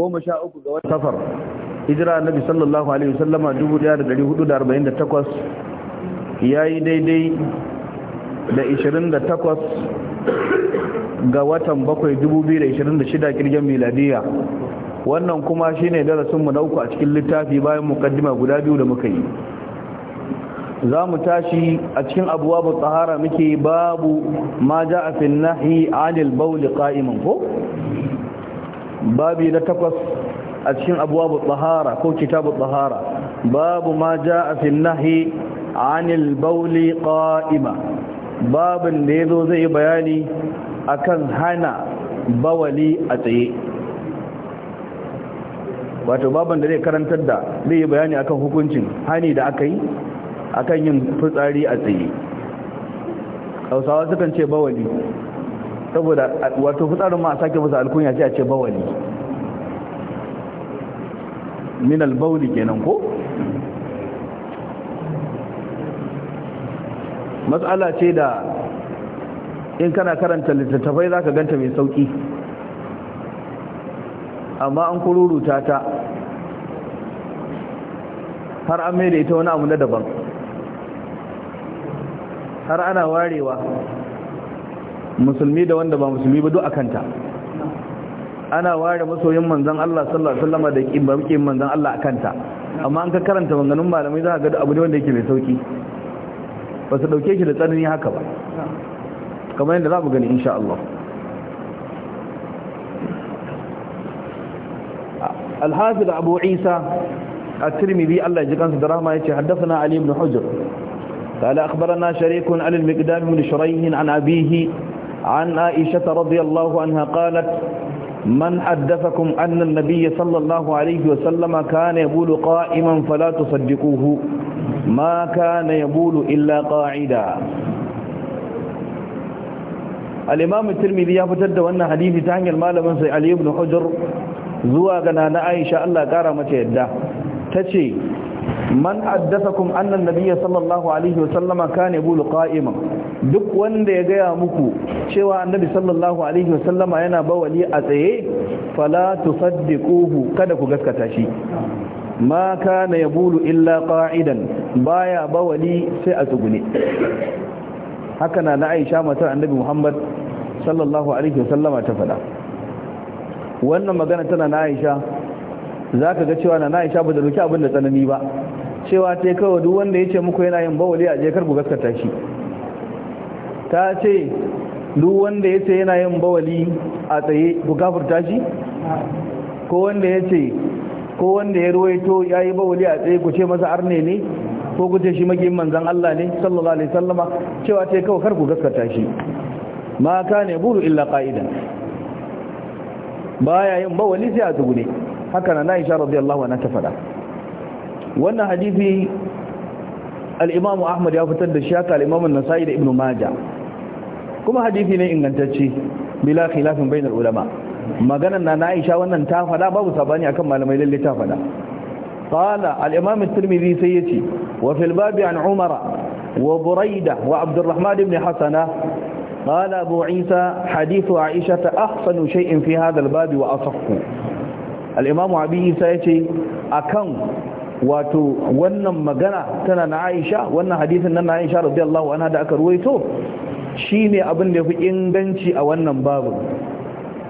goma sha uku ga watan safar hijira annabi sallallahu alaihi wasallama 1448 yi daidai da 28 ga watan 7 2026 kirgin miladiya wannan kuma shine darasin mu na uku a cikin littafi bayan mukaddima guda biyu da muka yi za mu tashi a cikin abuwa tsahara muke babu ma a fil nahi anil bawl qa'iman ko babi na takwas a cikin abuwa tsahara ko kitabu tsahara babu ma ja a finnahi anil bauli ƙa'ima babin da ya zo zai bayani akan hana bawali a tsaye wato babin da zai karantar da zai yi bayani akan hukuncin hani da aka yi akan yin fitsari a tsaye hausawa sukan ce bawali saboda wato fitsarin ma a sake masa alkunya sai a ce bawali min albauli kenan ko matsala ce da in kana karanta littattafai za ka ganta mai sauki amma an kururuta ta har an mai ita wani abu na daban har ana warewa musulmi da wanda ba musulmi ba duk a kanta ana ware masoyin manzan Allah sallallahu alaihi wasallam da kimbakin manzan Allah akanta amma an ka karanta maganganun malamai za ka ga abu ne wanda yake mai sauki ba su dauke shi da tsanani haka ba kamar yadda za mu gani insha Allah الحافظ أبو عيسى الترمذي الله يجزاه رحمه يتي na علي بن حجر قال أخبرنا شريك عن المقدام بن شريح عن أبيه عن عائشة رضي الله عنها قالت من حدثكم أن النبي صلى الله عليه وسلم كان يبول قائما فلا تصدقوه ما كان يبول إلا قاعدا الإمام الترمذي يفتد وأن حديث تعني المال من سي علي بن حجر زواغنا نعيشة الله كارمة يده تشي من حدثكم أن النبي صلى الله عليه وسلم كان يبول قائما duk wanda ya gaya muku cewa annabi sallallahu alaihi wasallama yana bawali a tsaye fala tusaddiquhu kada ku gaskata shi ma kana yabulu illa qa'idan baya bawali sai a tsugune haka na Aisha matar annabi Muhammad sallallahu alaihi wasallama ta fada wannan magana tana na Aisha zaka ga cewa na Aisha ba da roki abin da tsanani ba cewa tai kawai duk wanda yace muku yana yin bawali a je kar ku gaskata shi ta ce duk wanda ya ce yana yin bawali a tsaye ku gafarta shi ko wanda ya ce ko wanda ya ruwaito ya yi bawali a tsaye ku ce masa arne ne ko ku ce shi makin manzan Allah ne sallallahu alaihi sallama cewa ce kawai kar ku gaskata shi ma ka ne buru illa ka'ida baya yin bawali sai a tsugune haka na Aisha radiyallahu anha ta faɗa wannan hadisi al-Imam Ahmad ya fitar da shi haka al-Imam nasai da Ibn Majah kuma hadisi ne ingantacce bila khilafin bainar ulama maganan na Aisha wannan ta fada babu sabani akan malamai lalle ta fada qala al-imam at-tirmidhi sai yace wa fil an umara wa burayda wa abd al ibn hasana aisha ta عيسى حديث عائشة أحسن شيء في wa الباب وأصح الإمام أبي عيسى يتي akan wato wannan magana tana na Aisha wannan hadisin nan na Aisha radiyallahu anha da aka ruwaito shi ne abin da ya fi inganci a wannan babu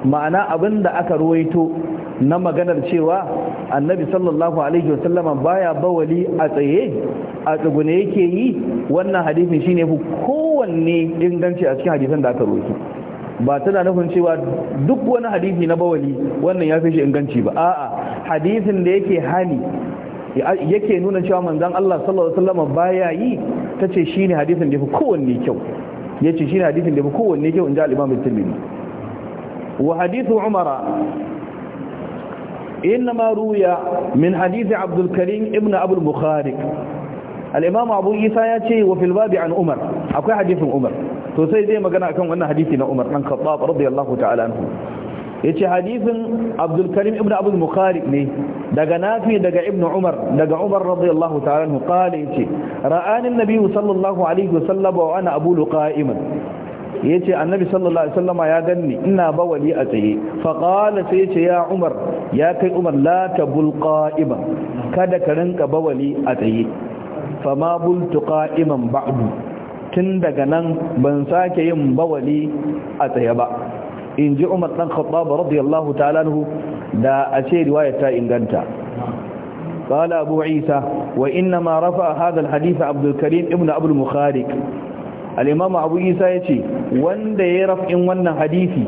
ma'ana abin da aka ruwaito na maganar cewa annabi sallallahu alaihi wasallama baya bawali a tsaye a tsugune yake yi wannan hadisin shine fi kowanne inganci a cikin hadisan da aka ruwaito ba tana nufin cewa duk wani hadisi na bawali wannan ya fi shi inganci ba a'a hadisin da yake hani yake nuna cewa manzon Allah sallallahu alaihi wasallama baya yi tace shine hadisin da fi kowanne kyau ya ce shi ne hadithin da kowanne kyau in ji al'imam al-tirmidhi wa hadithu umara inna ma min hadisi abdulkarim karim ibn abu al abu isa ya ce wa fil babi an umar akwai hadithin umar to sai zai magana akan wannan hadithi na umar dan khattab radiyallahu ta'ala anhu yace hadisin Abdul Karim ibn Abdul Mukharib ne daga Nafi daga Ibn Umar daga Umar radiyallahu ta'ala anhu qala yace ra'ani an-nabi sallallahu alaihi wasallam wa ana abulu qa'iman yace annabi sallallahu alaihi wasallama ya ganni ina bawali a tsaye fa qala sai yace ya Umar ya kai Umar la tabul qa'ima kada ka rinka bawali a tsaye fa ma bultu qa'iman ba'du tun daga nan ban sake yin bawali a tsaye ba inji ji umar dan khattab radiyallahu ta'ala da a ce riwaya ta inganta qala abu isa wa inna rafa hadha alhadith abd alkarim ibn abu almukhariq abu isa yace wanda ya rafin wannan hadisi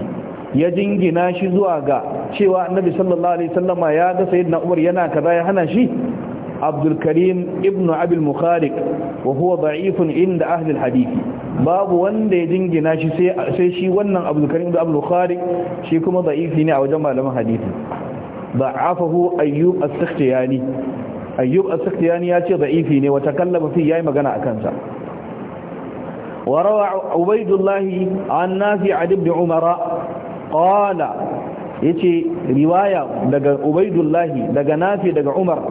ya jingina shi zuwa ga cewa annabi sallallahu alaihi wasallama ya ga sayyidina umar yana kaza ya hana shi abdulkarim ibnu ibn abu almukhariq da'ifun inda ahli alhadith babu wanda ya jingina shi sai shi wannan abdulkarim da abdulkhari shi kuma da'ifi ne a wajen malaman hadisi da'afahu ayyub as-sakhtiyani ayyub as-sakhtiyani ya ce da'ifi ne wata kallama fi yayi magana a sa wa rawa ubaydullah an nafi'a ibn umara qala yace riwaya daga ubaydullah daga nafi daga umar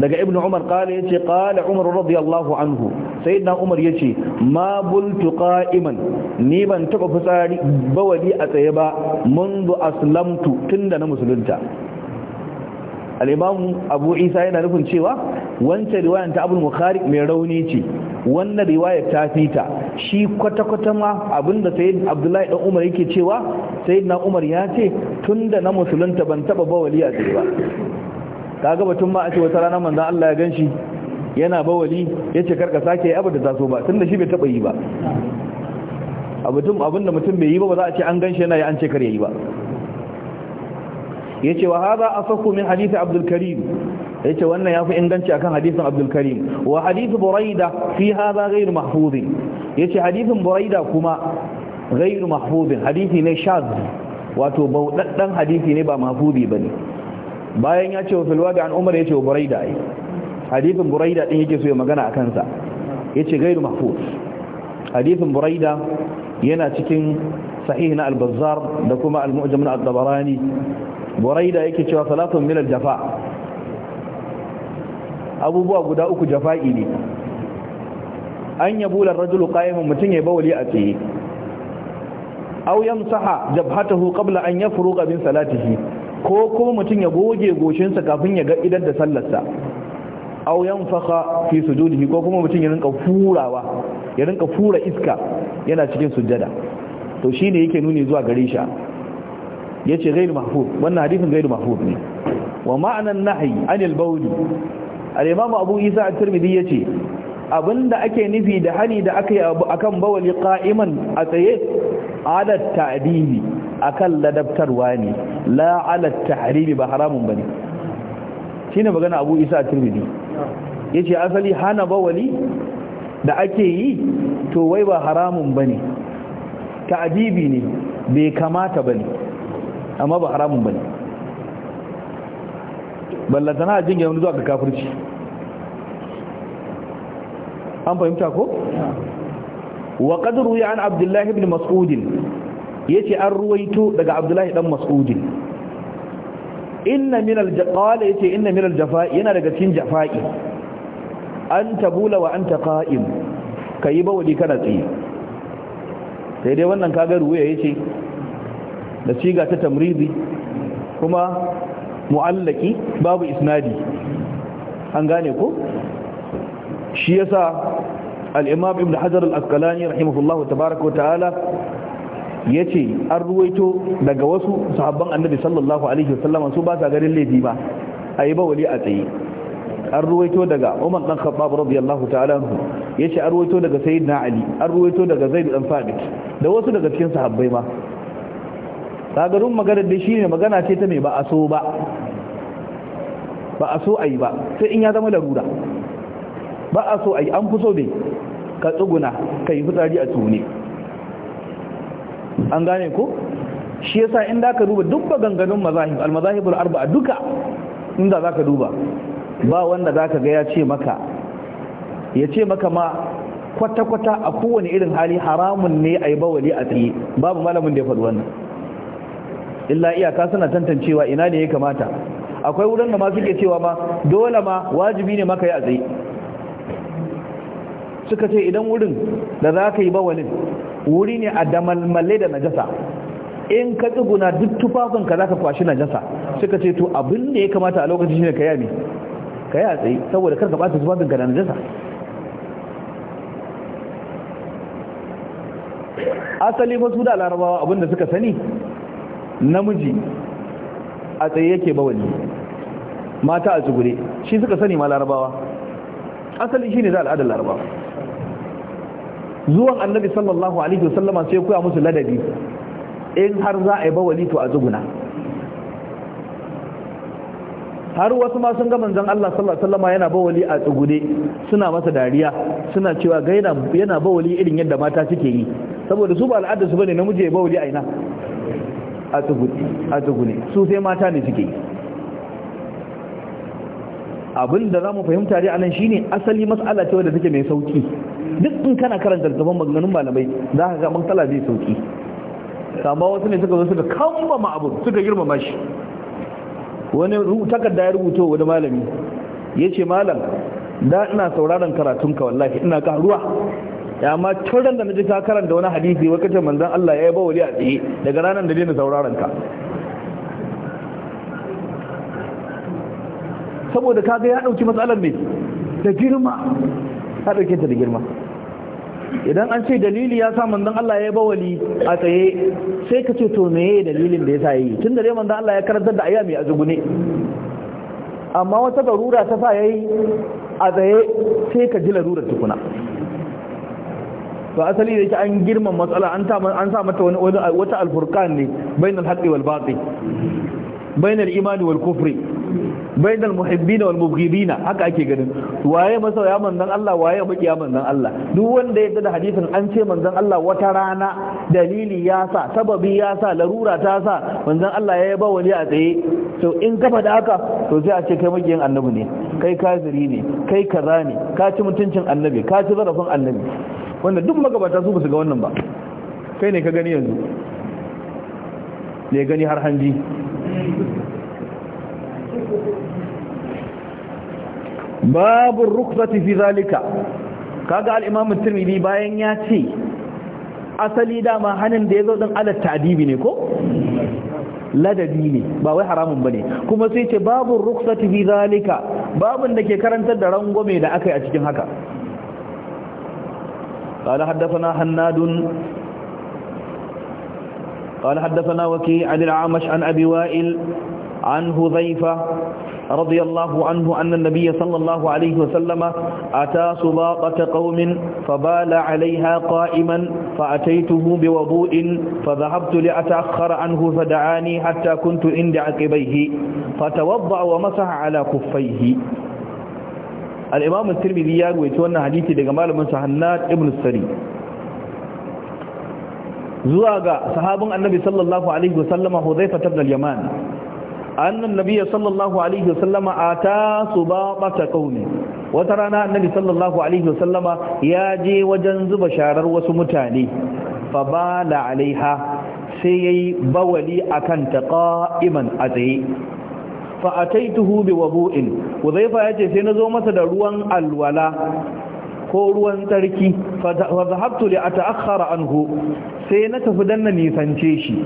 daga ibn umar kala ce kala umar radiyallahu anhu na umar yace ma bultu qa'iman ni ban taba fitsari bawali a tsaye ba mundu aslamtu tunda na musulunta al'imamu abu isa yana nufin cewa wancan riwayar ta abin bukhari mai rauni ce wannan riwayar ta fita shi kwata-kwata ma abinda sayyid abdullahi dan umar yake cewa sayyid na umar ya ce tunda na musulunta ban taba bawali a tsaye ba kaga batun ma a ce wata rana manzan Allah ya ganshi yana bawali ya ce karka sake abu da taso ba tun da shi bai taɓa yi ba abin da mutum bai yi ba ba za a ce an ganshi yana yi an ce kar ya yi ba ya ce wa haza a sakku min hadisi abdulkarim ya ce wannan ya fi inganci akan hadisin abdulkarim wa hadisi buraida fi haza gairu mahfuzin ya ce hadisin buraida kuma gairu mahfuzin hadisi ne shaz wato bauɗaɗɗen hadisi ne ba mahfuzi ba ne bayan ya ce wa filwadi an umar ya ce wa buraida ai hadifin buraida din yake so ya magana a kansa ya ce gairu mahfuz Hadifin buraida yana cikin sahih na albazar da kuma al na addabarani. tabarani buraida yake cewa salatun min al-jafa abubuwa guda uku jafa'i ne an yabula ar-rajulu qa'iman mutun ya bawli a tsaye aw yamsaha jabhatahu qabla an yafruqa min salatihi ko ko mutum ya goge goshinsa kafin ya ga idan da sallarsa aw yanfaqa fi sujudihi ko kuma mutum ya rinka furawa ya rinka fura iska yana cikin sujjada to shine yake nuni zuwa gare shi yace ghairu mahfuz wannan hadisin ghairu mahfuz ne wa ma'anan nahyi anil bawl al-imam abu isa at-tirmidhi yace abinda ake nufi da hani da aka yi akan bawali qa'iman a tsaye adat ta'dili akan ladabtarwa ne la ala tahrimi ba haramun bane shine magana Abu Isa at-Tirmidhi yace asali hana bawali da ake yi to wai ba haramun bane ta'dibi ne bai kamata bane amma ba haramun bane ballatana jin wani zuwa ga kafirci an fahimta ko wa qadru ya an Abdullah ibn Mas'ud yace an ruwaito daga abdullahi dan mas'udi inna min yace inna min jafai yana daga cikin jafa'i an bula wa anta qa'im kai wadi kana tsiye, sai dai wannan kaga ruwaya yace da siga ta tamridi kuma mu'allaki babu isnadi an gane ko shi yasa al-imam ibn hajar al-asqalani rahimahullahu tabaaraka wa ta'ala ya ce an ruwaito daga wasu sahabban annabi sallallahu alaihi wasallama su ba sa ganin laifi ba a yi bawali a tsaye an ruwaito daga umar dan khabbab radiyallahu ta'ala ya ce an ruwaito daga sayyidina ali an ruwaito daga zaid dan sabit da wasu daga cikin sahabbai ma kagarun maganar da shine magana ce ta me ba a so ba ba a so ayi ba sai in ya zama larura ba a so ayi an fi so ne ka tsuguna ka yi fitsari a tsune an gane ko shi yasa in da ka duba duk ganganun mazahib al-mazahibul arba'a duka inda zaka duba ba wanda zaka ga ya ce maka ya ce maka ma kwata-kwata a kowane irin hali haramun ne a yi bawali a tsaye babu malamin da ya faɗi wannan illa iyaka suna tantancewa ina ne ya kamata akwai wurin da ma suke cewa ma dole ma wajibi ne maka ya tsaye suka ce idan wurin da za ka yi bawalin wuri ne a damalmale da najasa in ka tsuguna duk tufafin ka zaka kwashi najasa suka ce to abin da ya kamata a lokacin ne ka yami ka yi a tsaye saboda karka ɓata tufafin ka da najasa asali masu da larabawa abin da suka sani namiji a tsaye yake bawali mata a tsugure shi suka sani ma larabawa asali shi ne za al'adar larabawa zuwan annabi sallallahu alaihi wasallama sai koya musu ladabi in har za a yi bawali to a zuguna har wasu ma sun ga manzon Allah sallallahu alaihi wasallama yana bawali a tsugude suna masa dariya suna cewa ga yana yana bawali irin yadda mata suke yi saboda su ba al'ada su bane namiji ya bawali a ina a tsugude a tsugune su sai mata ne suke yi abin da za fahimta dai anan shine asali mas'ala ce wadda take mai sauki duk in kana karanta gaban maganganun malamai za ka ga matsala zai sauki amma wasu ne suka zo suka ma abu suka girmama shi wani takarda ya rubuto wani malami ya ce malam da ina sauraron karatunka wallahi ina karuwa ya ma turan da na ji ka karanta wani hadisi wai kace manzon Allah ya yi bawali a tsaye daga ranar da daina sauraron ka saboda kaga ya dauki matsalar ne da girma ka dauke ta da girma idan an ce dalili ya sa manzon Allah ya ba wali a tsaye sai ka ce to meye dalilin da ya sa yi tun da dai manzon Allah ya karantar da ayyami a zugune amma wata garura ta sa yayi a tsaye sai ka ji larurar tukuna to asali da yake an girman matsala an sa mata wani wata alfurqan ne bainal haqqi wal batil bainal imani wal kufri al muhibbina wal mubghidina haka ake ganin waye masauya manzon Allah waye bakiya manzon Allah duk wanda yadda da hadisin an ce manzon Allah wata rana dalili ya sa sababi ya sa larura ta sa manzon Allah ya yaba wani a tsaye to in kafa da haka to sai a ce kai makiyin annabi ne kai kafiri ne kai kaza ne ka ci mutuncin annabi ka ci zarafin annabi wanda duk magabata su ba su ga wannan ba kai ne ka gani yanzu ne gani har hanji babu rukhsati fi zalika kaga al-imam at-tirmidhi bayan ya ce asali dama hanin da yazo din ala ta'dibi ne ko ladabi ne ba wai haramun bane kuma sai ce babu rukhsati fi zalika babun da ke karantar da rangwame da akai a cikin haka قال حدثنا حناد قال حدثنا وكيع عن العامش عن أبي وائل عن هذيفة رضي الله عنه أن النبي صلى الله عليه وسلم أتى سباقة قوم فبال عليها قائما فأتيته بوضوء فذهبت لأتأخر عنه فدعاني حتى كنت عند عقبيه فتوضأ ومسح على كفيه الإمام الترمذي يروي أن حديثي لجمال من سهنات ابن السري zuwa ga sahabin annabi sallallahu alaihi wasallama huzaifa ibn al-yaman annan nabiyya sallallahu alaihi wasallama ata subaqata qaumi wata rana annabi sallallahu alaihi wasallama ya je wajen zuba sharar wasu mutane fa bala alaiha sai yayi bawali akan ta qa'iman a tsaye fa ataituhu bi wabu'in uzaifa yace sai nazo masa da ruwan alwala ko ruwan tsarki fa zahabtu li ata'akhkhara anhu sai na tafi danna nisance shi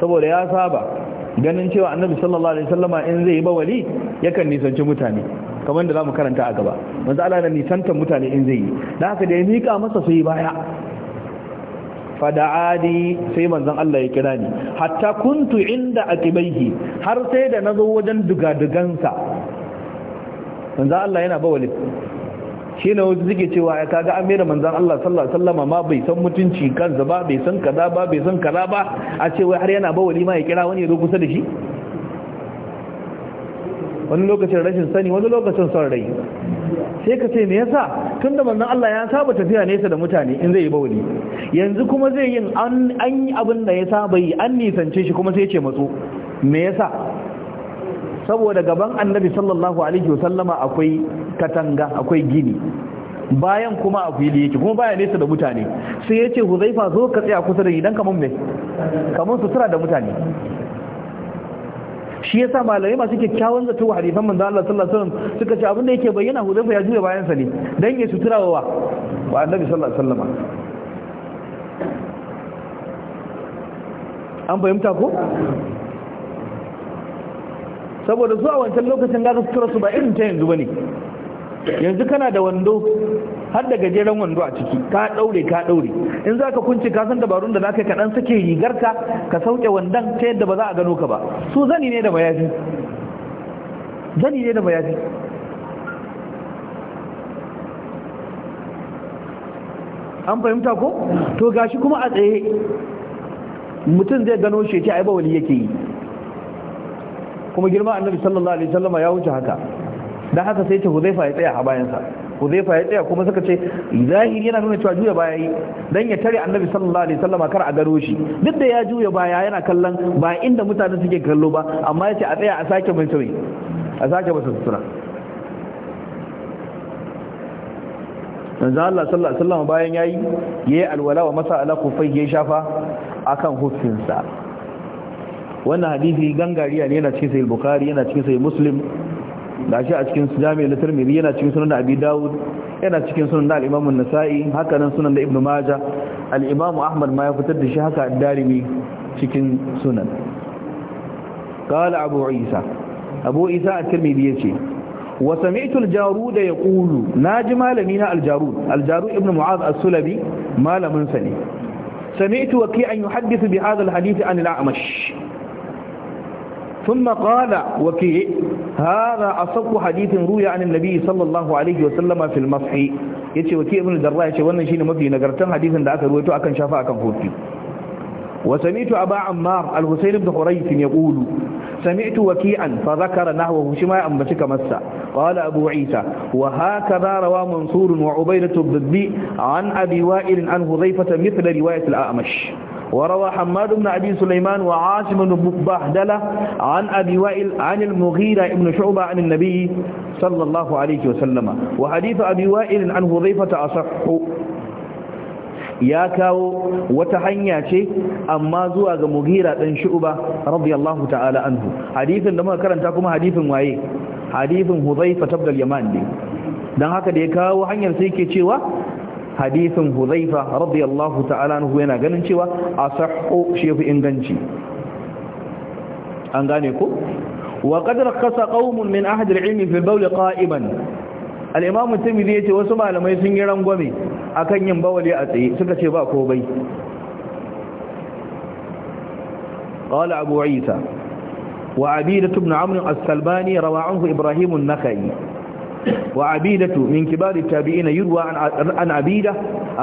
saboda ya saba ganin cewa annabi sallallahu alaihi wasallam in zai yi bawali yakan nisanci mutane kamar da zamu karanta a gaba manzo Allah na nisanta mutane in zai yi dan haka da ya mika masa sai baya fa da'adi sai manzon Allah ya kira ni hatta kuntu inda atibaihi har sai da nazo wajen dugadugansa manzo Allah yana bawali shi ne wasu suke cewa ya kaga an mera manzan Allah sallallahu ma bai san mutunci kansa ba bai san kaza ba bai san kaza ba a ce wai har yana ba walima ya kira wani ya kusa da shi wani lokacin rashin sani wani lokacin son rai sai ka ce me yasa tun da manzan Allah ya saba tafiya nesa da mutane in zai yi wani? yanzu kuma zai yin an yi abin da ya saba yi an nisance shi kuma sai ya ce matso me yasa saboda gaban annabi sallallahu alaihi wasallama akwai katanga akwai gini bayan kuma a fili yake kuma baya nesa da mutane sai yace huzaifa zo ka tsaya kusa da idan kaman me kaman sutura da mutane shi yasa malamai masu kyakkyawan zato wa hadisan manzo Allah sallallahu alaihi wasallam suka ce abin da yake bayyana huzaifa ya juya bayan sa ne dan ya sutura wa wa annabi sallallahu alaihi sallama an fahimta ko saboda zuwa wancan lokacin da sutura su ba irin ta yanzu bane yanzu kana da wando har da gajeren wando a ciki ka daure ka daure in za ka kunce ka san dabarun da zaka kaɗan sake rigarka ka sauke wandon ta yadda ba za a gano ka ba su zani ne da bayani zani ne da mayafi an fahimta ko to gashi kuma a tsaye mutum zai gano shi ce ai ba wani yake yi kuma girma annabi sallallahu alaihi wasallam ya wuce haka dan haka sai ce huzaifa ya tsaya a bayansa huzaifa ya tsaya kuma suka ce zahiri yana nuna cewa juya baya yi dan ya tare annabi sallallahu alaihi wasallam kar a garo shi duk da ya juya baya yana kallon ba inda mutane suke kallo ba amma yace a tsaya a sake mai a sake masa sutura manzo Allah sallallahu alaihi wasallam bayan yayi yayi alwala wa masa ala kufai ya shafa akan hufinsa wannan hadisi gangariya ne yana cikin sahih bukhari yana cikin sahih muslim gashi a cikin jami'in da tirmidhi yana cikin sunan da abi dawud yana cikin sunan da al-imam an-nasa'i haka nan sunan da ibnu maja al-imam ahmad ma ya fitar da shi haka ad-darimi cikin sunan qala abu isa abu isa at-tirmidhi yace wa sami'tu al-jarud yaqulu naji malami na al-jarud al-jarud ibnu Muaz as-sulabi malamin sa ne sami'tu waqi'an yuhaddithu bi hadha al-hadith an al-a'mash ثم قال وكيع هذا أصف حديث روي عن النبي صلى الله عليه وسلم في المصح يتي وكيع بن الدراء يتي وانا شيني مبدي نقرتن حديثا دعاك رويتو أكن شافا أكن فوتي وسمعت أبا عمار الحسين بن حريث يقول سمعت وكيعا فذكر نحوه شما أنبتك مسا قال أبو عيسى وهكذا روى منصور وعبيدة الضبي عن أبي وائل عن هذيفة مثل رواية الأعمش وروى حماد بن أبي سليمان وعاصم بن بهدلة عن أبي وائل عن المغيرة بن شعبة عن النبي صلى الله عليه وسلم وحديث أبي وائل عن هضيفة أصح ya kawo wata hanya ce amma zuwa ga mugira dan shu'uba radiyallahu ta'ala anhu hadithin da muka karanta kuma hadithin waye hadithin huzaifa tabdal yaman ne dan haka da ya kawo hanyar sai yake cewa hadisin huzaifa radiyallahu ta'ala anhu yana ganin cewa asahhu shefu inganci an gane ku. wa qad rakhasa qaumun min ahli al-ilmi fi al-bawl qa'iman al-imam at-tirmidhi yace wasu malamai sun yi rangwame akan yin bawali a tsaye suka ce ba ko bai قال أبو عيسى وعبيدة بن عمرو السلباني روى عنه إبراهيم النخعي وعبيدة من كبار التابعين يروى عن عبيدة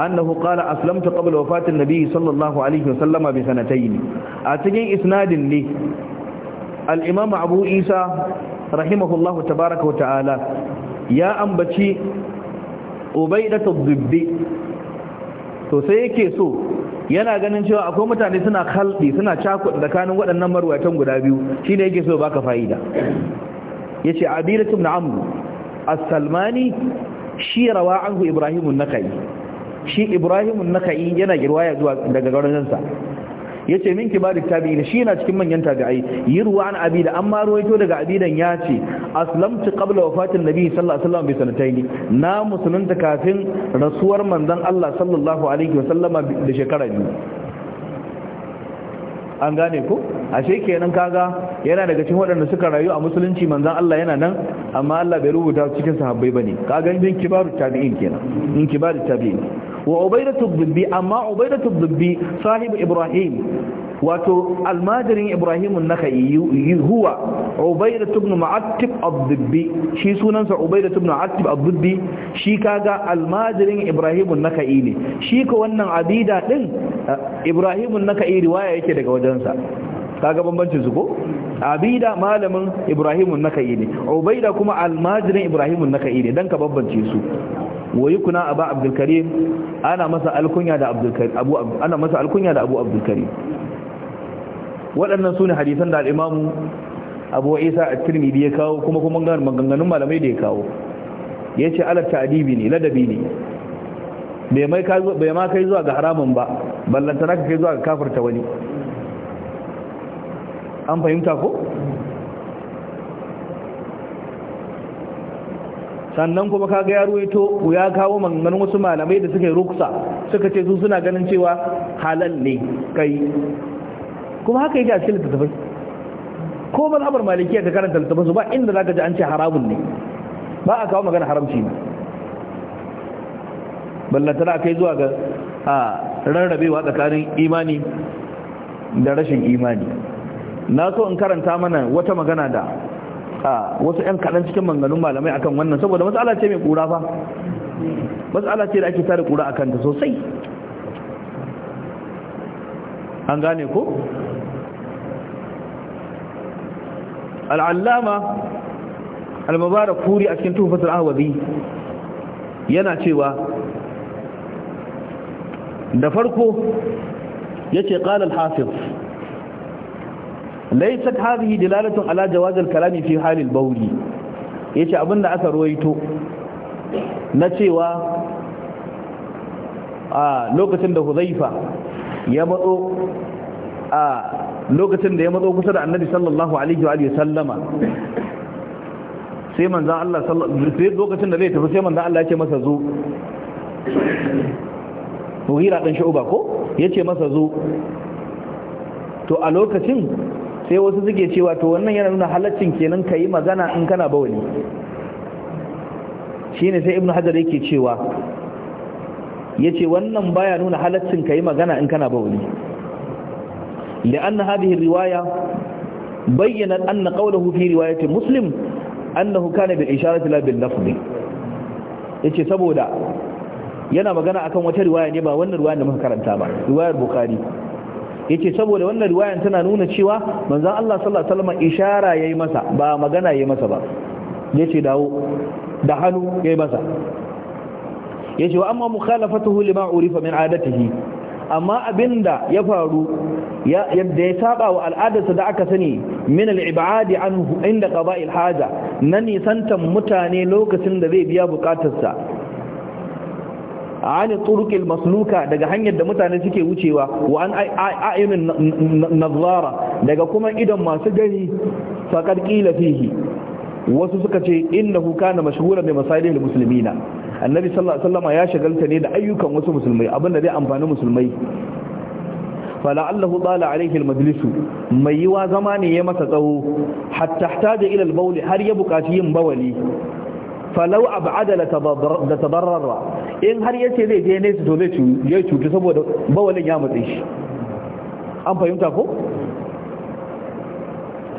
أنه قال أسلمت قبل وفاة النبي صلى الله عليه وسلم بسنتين أتجين إسناد لي الإمام أبو إيسى رحمه الله تبارك وتعالى يا أنبتي أبيدة الضبي to sai yake so yana ganin cewa akwai mutane suna khalɗi suna cakuɗa tsakanin waɗannan marwatan guda biyu shine yake so baka fa'ida yace abidatu ibn amr Asalmani salmani shi rawa anhu ibrahim an-nakai shi ibrahim nakai yana girwaya zuwa daga garanansa yace min kibar tabi'in shi yana cikin manyan tabi'ai yirwa an abi da amma ruwaito daga abidan ya ce aslamtu qabla wafatin nabi sallallahu alaihi wasallam bi sanataini na musulunta kafin rasuwar manzon Allah sallallahu alaihi wasallama da shekara biyu an gane ku ashe kenan kaga yana daga cikin waɗanda suka rayu a musulunci manzan Allah yana nan amma Allah bai rubuta cikin sahabbai bane kaga in kibaru tabi'in kenan in kibaru tabi'in wa ubaidatu dhibbi amma ubaidatu dhibbi sahibu ibrahim wato almajirin ibrahim naka yi huwa ubayda ibn mu'attib ad shi sunansa ubayda ibn mu'attib abdubbi shi kaga almajirin ibrahim naka nakhai ne shi ka wannan abida din eh, ibrahim an-nakhai riwaya yake daga wajensa kaga bambancin su ko abida malamin ibrahim naka nakhai ne ubayda kuma almajirin ibrahim naka nakhai ne don ka bambance su wayi kuna aba abdulkarim ana masa alkunya da abu ana masa alkunya da abu abdulkarim waɗannan su ne hadisan da al'imamu abu isa a tirmidhi ya kawo kuma kuma maganganun malamai da ya kawo ya ce alar ta'adibi ne ladabi ne bai ma kai zuwa ga haramun ba ballanta naka kai zuwa ga kafarta wani an fahimta ko? sannan kuma kaga ya yato ya kawo maganganun wasu malamai da suka yi ruksa suka ce su suna ganin cewa halal ne kai kuma haka yake a cikin littattafai ko mazhabar malikiya ka karanta littattafan su ba inda za ka ji an ce haramun ne ba a kawo magana haramci ne ballantana kai zuwa ga a rarrabewa tsakanin imani da rashin imani na so in karanta mana wata magana da wasu 'yan kaɗan cikin manganun malamai akan wannan saboda matsala ce mai ƙura fa matsala ce da ake tare ƙura a kanta sosai an gane ko al'allama al-mubarak kuri a cikin tufatul ahwazi yana cewa da farko yace qala al-hafiz laysat hadhihi dilalatun ala jawaz al-kalami fi hal bauri bawl abin abinda aka ruwaito na cewa a lokacin da huzaifa ya matso a lokacin da ya matso kusa da annabi sallallahu alaihi wa sallama sai manzan Allah sai lokacin da zai tafi sai manzan Allah ya ce masa zo muhira ɗan sha'uba ko ya ce masa zo to a lokacin sai wasu suke cewa to wannan yana nuna halaccin kenan ka yi magana in kana bawali shi ne sai ibn hajar yake cewa ya ce wannan baya nuna halaccin ka yi magana in kana bawali لأن هذه الرواية بيّنت أن قوله في رواية مسلم أنه كان بالإشارة لا باللفظ yace saboda yana magana akan wata riwaya ne ba wannan riwayar da muka karanta ba riwayar bukhari yace saboda wannan riwayar tana nuna cewa manzon Allah sallallahu alaihi wasallam ishara yayi masa ba magana yayi masa ba yace dawo da hannu yayi masa yace wa amma mukhalafatuhu min amma abinda ya faru yadda ya saba wa al'adarsa da aka sani min al'ibadi an inda qada'il haja na nisantan mutane lokacin da zai biya bukatarsa ani turuqil masluka daga hanyar da mutane suke wucewa wa an ayyunin nazara daga kuma idan masu gani faqad qila fihi wasu suka ce innahu kana mashhuran bi masalihil muslimina annabi sallallahu alaihi wasallam ya shagalta ne da ayyukan wasu musulmai abinda zai amfani musulmai fala'allahu tsala alaihi almajlis mai yiwa zama ne ya masa tsawo hatta htaja ila albawl har ya bukaci yin bawali falau ab'ada la tadarrara in har yace zai je ne su to zai cuta saboda bawalin ya mutse shi an fahimta ko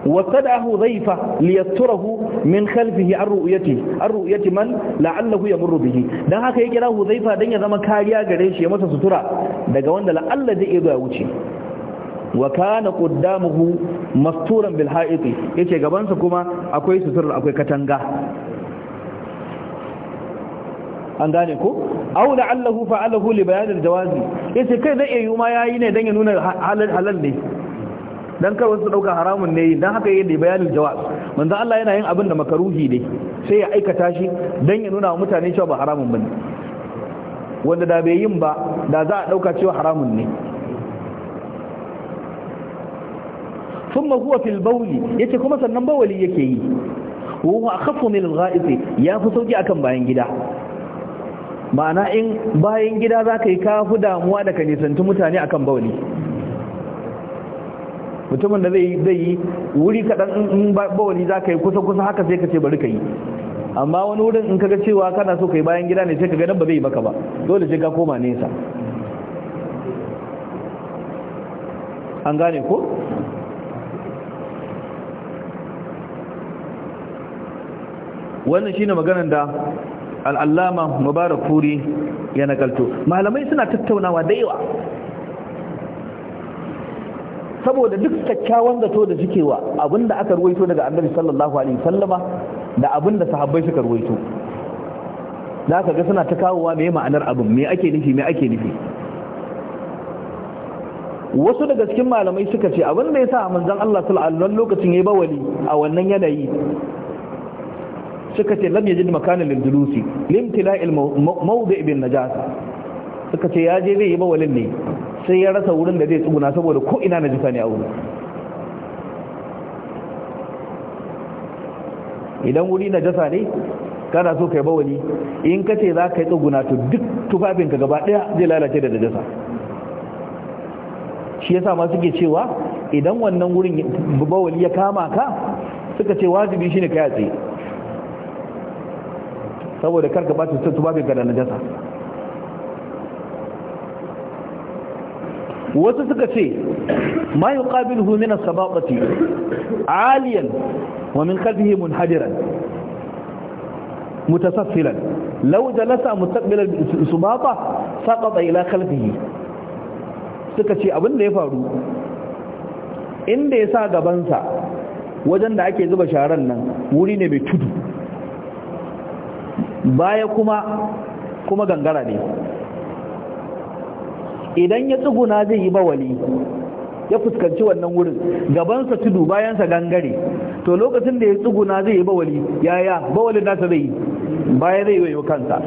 وصدعه ضيفة ليستره من خلفه عن رؤيته عن رؤية من لعله يمر به dan haka ya kira Huzaifa dan ya zama kariya gare shi ya masa sutura daga wanda la'alla zai iya zuwa wuce wa kana qaddamuhu masturan bil ha'iti yace gaban sa kuma akwai sutura akwai katanga an gane ko aw la'allahu fa'alahu li bayan al-jawazi yace kai zai yi ma yayi ne dan ya nuna halal halal ne dan kar wasu dauka haramun ne dan haka yayi da bayanin jawab manzo Allah yana yin abin da makaruhi ne sai ya aikata shi dan ya nuna wa mutane cewa ba haramun bane wanda da bai yin ba da za a dauka cewa haramun ne thumma huwa fil bawli yace kuma sannan bawali yake yi wa akhafu min al-gha'iti ya fi sauki akan bayan gida ma'ana in bayan gida zaka yi kafi damuwa da ka nisanci mutane akan bawali mutumin da zai yi wuri kaɗan in bawali za ka yi kusa kusa haka sai ka ce bari ka yi amma wani wurin in kaga cewa kana so ka yi bayan gida ne sai ka ga ba zai yi maka ba dole sai ka koma nesa an gane ko wannan shi ne maganar da al'allama mubarak furi ya nakalto malamai suna tattaunawa da yawa saboda duk kyakkyawan zato da suke wa abinda aka ruwaito daga annabi sallallahu alaihi sallama da abinda sahabbai suka ruwaito Za ka ga suna ta kawowa mai ma'anar abin me ake nufi me ake nufi wasu daga cikin malamai suka ce abin da ya sa manzon Allah sallallahu alaihi lokacin yayi bawali a wannan yanayi suka ce lam yajid makanan lindulusi limtila'il mawdi' bin najasa suka ce ya je zai yi bawalin ne sai ya rasa wurin da zai tsuguna saboda ko ina na jisa ne a wurin idan wuri na jasa ne kana so kai bawani in ka ce za ka yi tsuguna to duk tufafinka gaba daya zai lalace da jasa shi yasa ma suke cewa idan wannan wurin bawali ya kama ka suka ce wajibi shine ka yatsi saboda karka ba su tufafinka da jasa. wasu suka ce ma yi ƙabil humina sababati aliyan wa min kalbihi munhadiran متسفلا لو جلس مستقبل سباطه سقط الى خلفه suka ce abin da ya faru inda ya sa gabansa wajen da ake zuba sharan nan wuri ne mai tudu baya kuma kuma gangara ne idan ya tsuguna zai yi bawali ya fuskanci wannan wurin gabansa tudu bayansa gangare to lokacin da ya tsuguna zai yi bawali yaya bawalin nasa zai yi baya zai yi kansa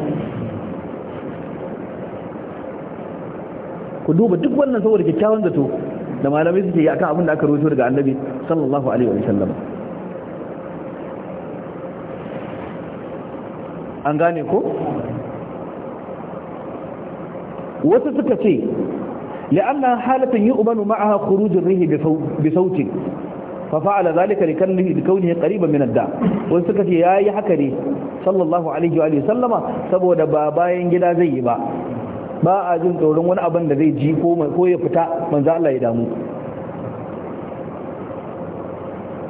ku duba duk wannan saboda kyakkyawan zato da malamai suke yi akan abin da aka rubuto daga annabi sallallahu alaihi wa sallam an gane ko wasu suka ce la'anna halatan yu'manu ma'aha kurujin rihi bi sauti fa fa'ala zalika li kaunihi qariban min ad wasu suka ce yayi haka ne sallallahu alaihi wa sallama saboda ba bayan gida zai yi ba ba a jin tsoron wani abin da zai ji ko ya fita manzo Allah ya damu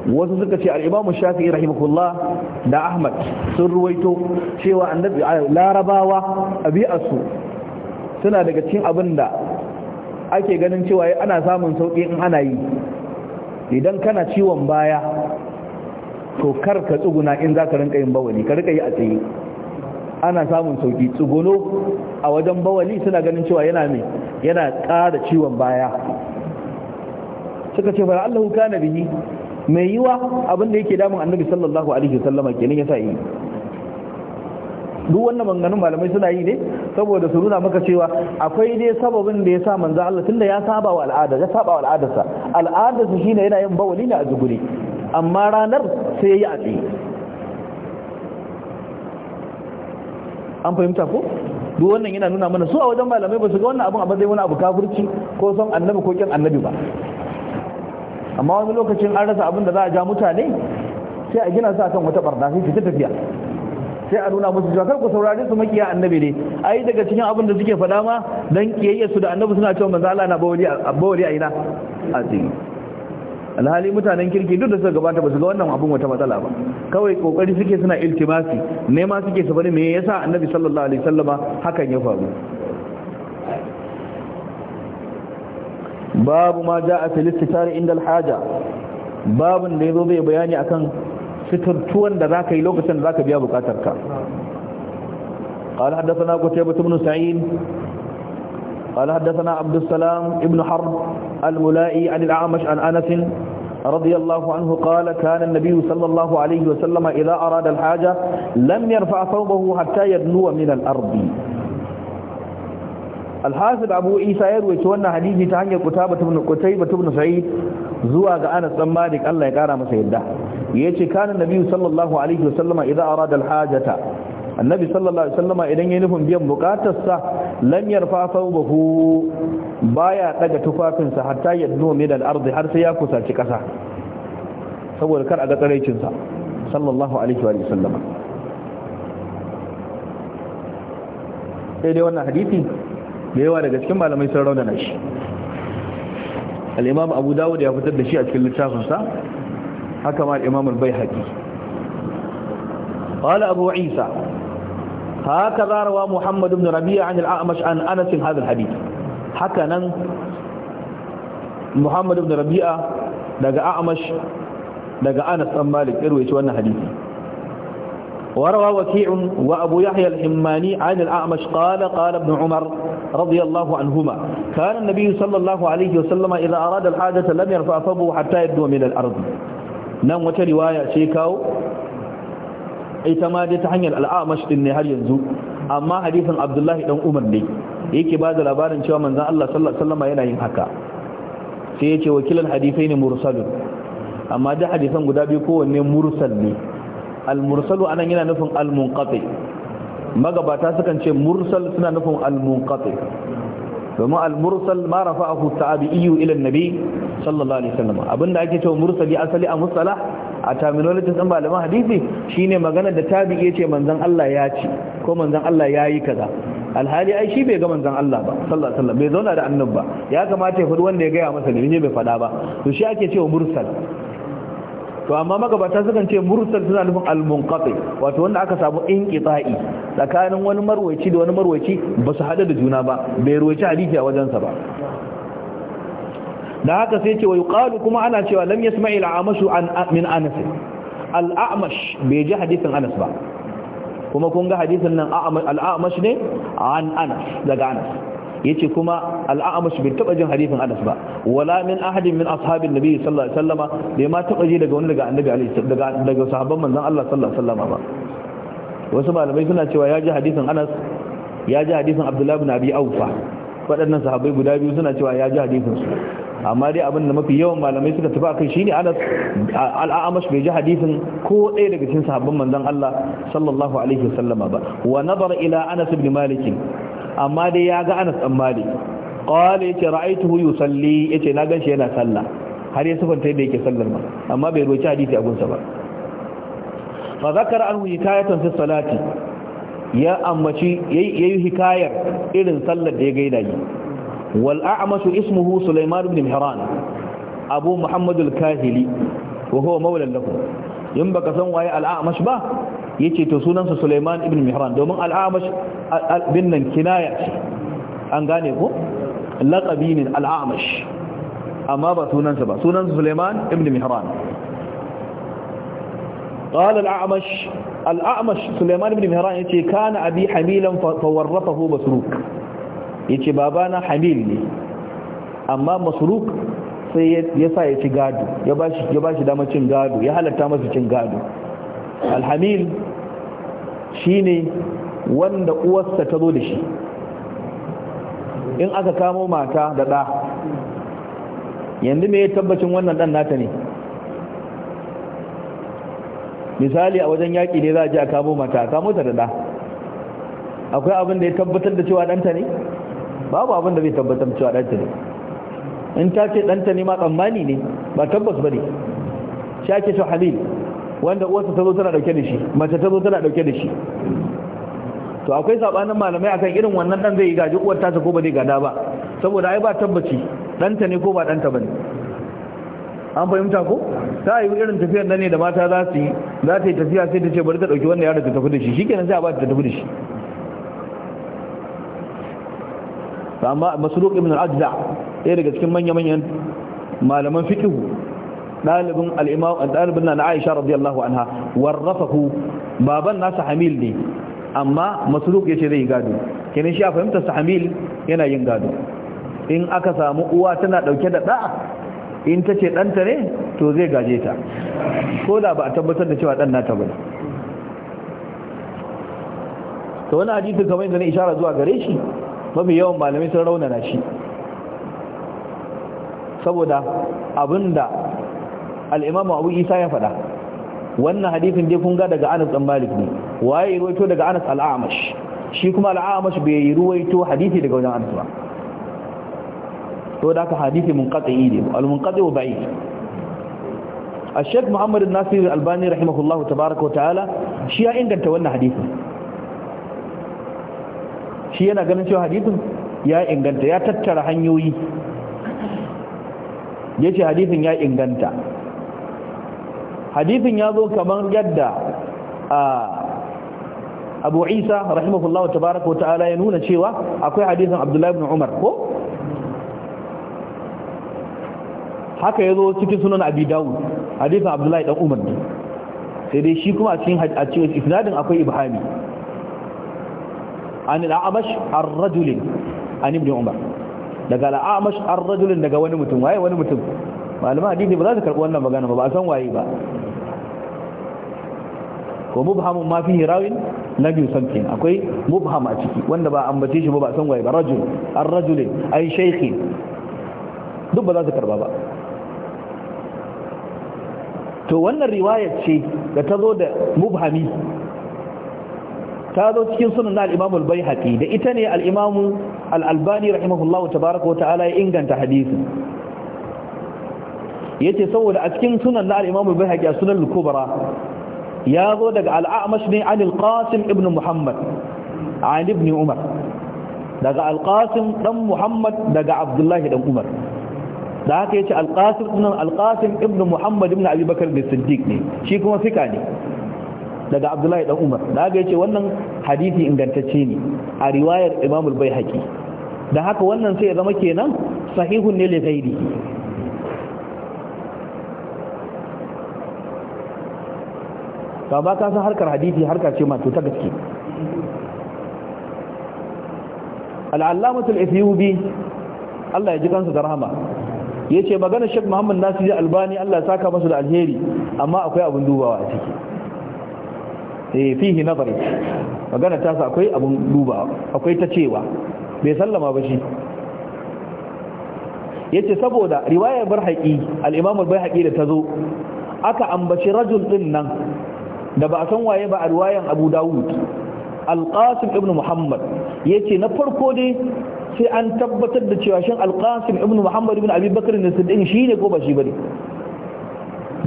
wasu suka ce al'imamu shafi'i rahimahullah da ahmad sun ruwaito cewa annabi larabawa asu. suna daga cikin abin da ake ganin cewa ana samun sauƙi in ana yi idan kana ciwon baya to kar ka tsuguna in za ka rinka yin bawali ka rika yi a tsaye ana samun sauƙi tsuguno a wajen bawali suna ganin cewa yana mai yana ƙara ciwon baya suka ce fara Allah hukana bihi mai yiwa abin da yake damun annabi sallallahu alaihi wasallama kenan ya sa yi duk wannan manganin malamai suna yi ne saboda su nuna maka cewa akwai dai sababin da ya sa manzo Allah tunda ya saba wa al'ada ya saba wa al'adarsa al'adarsa shine yana yin bawali ne a zuguri amma ranar sai yayi a tsaye an fahimta ko duk wannan yana nuna mana su a wajen malamai ba su ga wannan abin abin zai wani abu kafirci ko son annabi ko kin annabi ba amma wani lokacin an rasa abin da za a ja mutane sai a gina su akan wata barna sai su tafiya sai a nuna musu cewa ku saurare su makiya annabi ne ai daga cikin abin da suke faɗa ma dan kiyayya su da annabi suna cewa manzo Allah na bawali bawali a ina a cikin alhali mutanen kirki duk da suka gabata ba su ga wannan abin wata matsala ba kawai kokari suke suna iltimasi nema suke su bari me yasa annabi sallallahu alaihi wasallama hakan ya faru babu ma ja'a fil istitar inda al-haja babun da yazo zai bayani akan suturtuwan da za ka yi lokacin da za ka biya bukatarka قال حدثنا قتيبة بن سعيد قال حدثنا عبد السلام ابن حرب الملائي عن الأعمش عن أنس رضي الله عنه قال كان النبي صلى الله عليه وسلم إذا أراد الحاجة لم يرفع ثوبه حتى يدنو من الأرض الحافظ أبو إيسا يروي تونا حديثي تهنج قتيبة بن سعيد زواج أنس مالك الله يقارى مسيده yace kana nabiyyu sallallahu alaihi wasallama idza arada alhajata annabi sallallahu alaihi wasallama idan yayin nufin biyan bukatarsa lam yarfa thawbahu baya daga tufafinsa hatta yadnu min al har sai ya kusaci kasa saboda kar a ga tsaraicin sa sallallahu alaihi wa sallama sai dai wannan hadisi da yawa daga cikin malamai sun raunana shi al-imam abu dawud ya fitar da shi a cikin littafinsa haka ma imam al-baihaqi qala abu isa hakaza rawa muhammad ibn rabi'a an al-a'mash an anas hadha al-hadith haka nan muhammad ibn rabi'a daga a'mash daga anas dan malik irwaye wannan hadisi وروى وكيع وأبو يحيى الحماني qala qala قال umar ابن عمر رضي الله عنهما sallallahu النبي wa الله عليه وسلم إذا أراد الحاجة لم يرفع فمه حتى يبدو من الأرض nan wata riwaya ce kawo ita ma dai ta hanyar al'amash din ne har yanzu amma hadisin abdullahi dan umar ne yake ba da labarin cewa manzan Allah sallallahu alaihi wasallam yana yin haka sai yace wakilan hadifai ne amma da hadisan guda biyu kowanne mursal ne al-mursalu anan yana nufin al-munqati magabata sukan ce mursal suna nufin al-munqati domin al-mursal ma rafa'ahu tabi'iyyu ila an-nabi sallallahu alaihi wasallam abinda ake cewa mursali asali a mustalah a terminology din malaman hadisi shine magana da tabi'i yace manzon Allah ya ci ko manzon Allah yayi kaza alhali ai shi bai ga manzon Allah ba sallallahu alaihi wasallam bai zauna da annabba ya kamata ya fadi wanda ya gaya masa ne bai faɗa ba to shi ake cewa mursal to amma magabata sukan ce mursal suna nufin al-munqati wato wanda aka samu inqita'i tsakanin wani marwaci da wani marwaci ba su hada da juna ba bai ruwaci hadisi a wajensa ba da haka sai ce wa yuqalu kuma ana cewa lam yasma'il amashu an min anas al-a'mash bai ji hadisin anas ba kuma kun ga hadisin nan al-a'mash ne an anas daga anas yace kuma al'amash bai taba jin hadisin Anas ba wala min ahadin min ashabin nabi sallallahu alaihi wasallama bai ma taba ji daga wani daga annabi alaihi daga daga sahabban manzon Allah sallallahu alaihi wasallama ba wasu malamai suna cewa ya ji hadisin Anas ya ji hadisin Abdullah ibn Abi Awfa waɗannan sahabbai guda biyu suna cewa ya ji hadisin su amma dai abin da mafi yawan malamai suka tafi akai shine Anas al bai ji hadisin ko ɗaya daga cikin sahabban manzon Allah sallallahu alaihi wasallama ba wa nazara ila Anas ibn Malik amma dai ya ga anas dan malik qala yace ra'aytuhu yusalli ce na ganshi yana sallah har ya sufanta da yake sallar ma amma bai roci hadisi a ba fa zakara anhu hikayatan fi salati ya ambaci yayi hikayar irin sallar da ya gaida yi wal a'mashu ismuhu sulaiman ibn mihran abu muhammad al-kahili wa huwa mawlan lahu in baka san waye al-a'mash ba yace to sunansa Sulaiman ibn Mihran domin al-Amash bin nan kinaya ce an gane ko laqabi ne al-Amash amma ba sunansa ba sunansa Sulaiman ibn Mihran قال الأعمش الأعمش سليمان بن مهران يتي كان أبي حميلا فورثه basruk yace babana حميل ne amma مسروق sai ya sa ya ci gado ya ba shi damar cin gado ya halatta masa cin gado alhamil shine wanda uwarsa ta zo da shi in aka kamo mata da ɗa yanzu me tabbacin wannan ɗan nata ne misali a wajen yaƙi ne za a ji a kamo mata a kamo ta da ɗa akwai abin da ya tabbatar da cewa ɗanta ne babu abin da zai tabbatar cewa ɗanta ne in ta ce ɗanta ne ma tsammani ne ba tabbas ba ne shi ake shi halil wanda uwarsa ta zo tana dauke da shi mace ta zo tana dauke da shi to akwai sabanin malamai akan irin wannan dan zai gaji uwar tasa ko ba zai gada ba saboda ai ba tabbaci danta ne ko ba danta bane an fahimta ko ta yi irin tafiyar nan ne da mata za su yi za ta yi tafiya sai ta ce bari ta dauki wannan yaro ta tafi da shi shikenan sai a ba ta tafi da shi amma masruq ibn al-ajza ɗaya daga cikin manya-manyan malaman fiqh dalibin al-imam na Aisha radiyallahu anha warrafahu baban nasa Hamil ne amma ya ce zai gado kenan shi a fahimta sa Hamil yana yin gado in aka samu uwa tana dauke da da in tace danta ne to zai gaje ta ko da ba a tabbatar da cewa dan nata ba to wani hadisi kamar yadda na ishara zuwa gare shi mafi yawan malamai sun raunana shi saboda abinda al’imamu abu isa ya faɗa wannan hadifin dai kunga daga anas ɗan malik ne waye yi ruwaito daga anas al’amash shi kuma al’amash bai yi ruwaito hadisi daga wajen anas ba to da ka hadifi mun yi ne al katse wa bai a sheikh muhammadu nasiru albani rahimahullahu tabaraka wa ta'ala shi ya inganta wannan hadifin shi yana ganin cewa hadifin ya inganta ya tattara hanyoyi ya ce hadifin ya inganta hadisin ya zo kamar yadda abu isa rahimahullah tabaraka ta'ala ya nuna cewa akwai hadisin abdullahi ibn umar ko haka ya zo cikin sunan abi dawud hadisin abdullahi dan umar ne sai dai shi kuma a cikin a cikin isnadin akwai ibhami an al-a'mash ar-rajul an ibn umar daga al-a'mash ar-rajul daga wani mutum waye wani mutum malama hadisi ba za ta karbi wannan magana ba ba san waye ba wa mubhamun ma fihi rawin na lam yusamkin akwai mubham a ciki wanda ba ambace shi ba ba san waye ba rajul ar-rajul ay shaykh duk ba za su karba ba to wannan riwayar ce da ta zo da mubhami ta zo cikin sunan na al-imam al-baihaqi da ita ne al-imam al-albani rahimahullahu tabaaraka wa ta'ala ya inganta hadisi yace saboda a cikin sunan na al-imam al-baihaqi a sunan al-kubra ya zo daga al'amash ne an alƙasim ibn muhammad an ibn umar daga alƙasim ɗan muhammad daga abdullahi ɗan umar da haka ya ce alƙasim ibn muhammad ibn abubakar da siddiq ne shi kuma fika ne daga abdullahi ɗan umar da haka ya ce wannan hadisi ingantacce ne a riwayar imamul bai haƙi da haka wannan sai ya zama kenan sahihun ne le gairi to ba ka san harkar hadisi harka ce masu ta gaske al'allamatul ethiopi Allah ya ji kansu da rahama ya ce magana shek muhammad nasiri albani Allah ya saka masu da alheri amma akwai abin dubawa a ciki eh fihi nazari magana ta sa akwai abin dubawa akwai ta cewa bai sallama ba shi ya ce saboda riwayar barhaƙi al'imamul barhaƙi da ta zo aka ambaci rajul din nan da ba a san waye ba a riwayan abu dawud alqasim ibn muhammad yace na farko dai sai an tabbatar da cewa shin alqasim ibn muhammad ibn abi bakr ne shi ne ko ba shi bane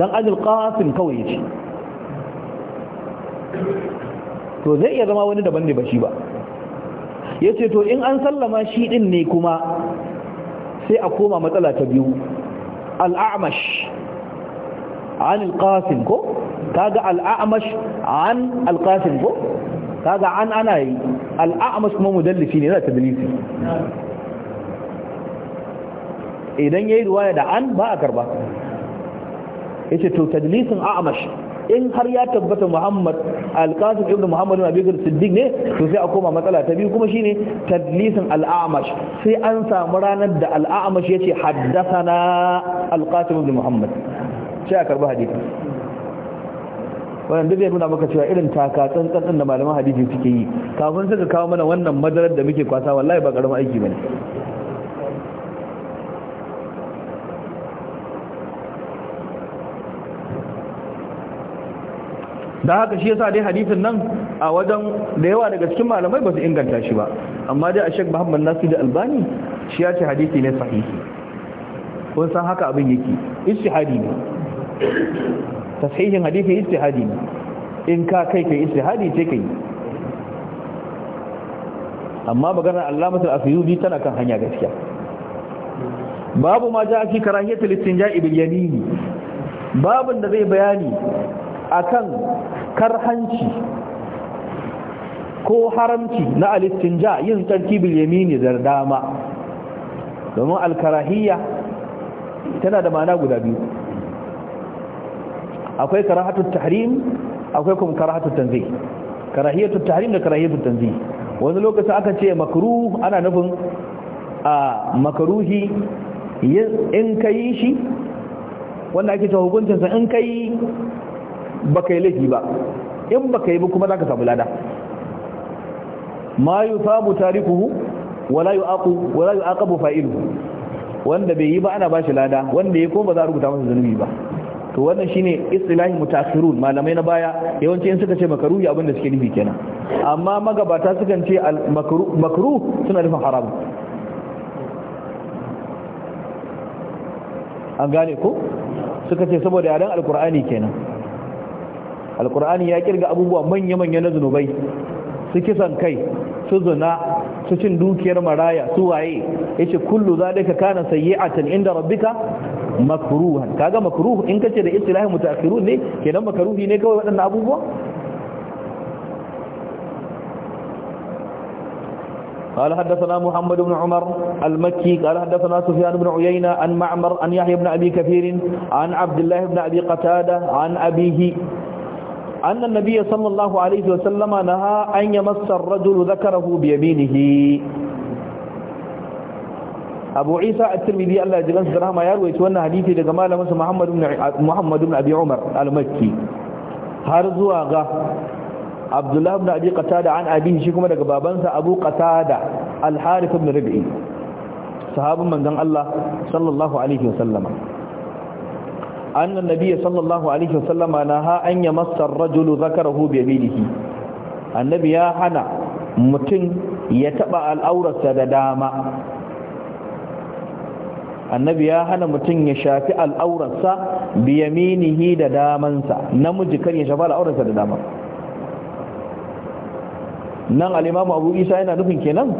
dan ajil qasim kawai yace to zai iya zama wani daban ne ba shi ba yace to in an sallama shi din ne kuma sai a koma matsala ta biyu al'amash an alqasim ko kaga al-a'mash an al-qasim ko kaga an ana yi al-a'mash kuma mudallisi ne yana tadlisi idan yayi riwaya da an ba a karba yace to tadlisin a'mash in har ya tabbata Muhammad al-Qasim ibn Muhammad ibn Abi Siddiq ne to sai a koma matsala ta biyu kuma shine tadlisin al-A'mash sai an samu ranar da al-A'mash yace haddathana al-Qasim ibn Muhammad sai a karba hadisi wanda zai nuna maka cewa irin taka tsantsan din da malaman hadisi suke yi kafin suka kawo mana wannan madarar da muke kwasa wallahi ba karamin aiki bane da haka shi yasa dai hadisin nan a wajen da yawa daga cikin malamai ba su inganta shi ba amma dai a shek muhammad nasu da albani shi ya ce hadisi ne sahihi kun san haka abin yake ishihadi ne tashihin hadisi ijtihadi ne in ka kai kai ijtihadi ce kai amma maganar Allamatul Afyubi tana kan hanya gaskiya babu ma ja fi karahiyatul istinja'i bil yamin babun da zai bayani akan karhanci ko haramci na alistinja yin tsarki bil yamini da dama domin alkarahiyya tana da ma'ana guda biyu akwai karahatut tahrim akwai kuma karahatut tanzih karahiyatut tahrim da karahiyatut tanzih wani lokacin aka ce makruh ana nufin a makruhi in kai shi wanda ake cewa hukuncin sa in kai baka yi laifi ba in baka yi ba kuma zaka samu lada ma yusabu tarikuhu wala yu'aqu wala yu'aqabu fa'iluhu wanda bai yi ba ana bashi lada wanda ya koma za a rubuta masa zanubi ba to wannan shine istilahi mutakhirun malamai na baya yawanci in suka ce makaruhi ya abinda suke nufi kenan amma magabata sukan ce makruh suna nufin haram an gane ko suka ce saboda yaran alkur'ani kenan alkur'ani ya kirga abubuwa manya-manya na zunubai su kisan kai su zina su cin dukiyar maraya su waye yace kullu zalika kana sayyi'atan inda rabbika makruhan kaga makruh in kace da istilahi mutaakhirun ne kenan makruhi ne kawai waɗannan abubuwa قال حدثنا محمد بن عمر المكي قال حدثنا سفيان بن عيينة عن معمر عن يحيى بن أبي كثير عن عبد الله بن أبي قتادة عن أبيه أن النبي صلى الله عليه وسلم نهى أن يمس الرجل ذكره بيمينه abu isa at-tirmidhi Allah ya jiransa rahama ya ruwaito wannan hadithi daga malamin sa Muhammad ibn Abi Umar al-Makki har zuwa ga Abdullah ibn Abi Qatada an abihi shi kuma daga babansa Abu Qatada al-Harith ibn Rabi'i sahabin manzon Allah sallallahu alaihi wasallama anna nabiyyi sallallahu alaihi wasallama naha an yamassa ar-rajulu dhakarahu bi yadihi annabi ya hana mutum ya taɓa al'aurarsa da dama annabi ya hana mutum ya shafi al'aurarsa bi yaminihi da damansa namiji kan ya shafi al'aurarsa da dama nan al'imamu abu isa yana nufin kenan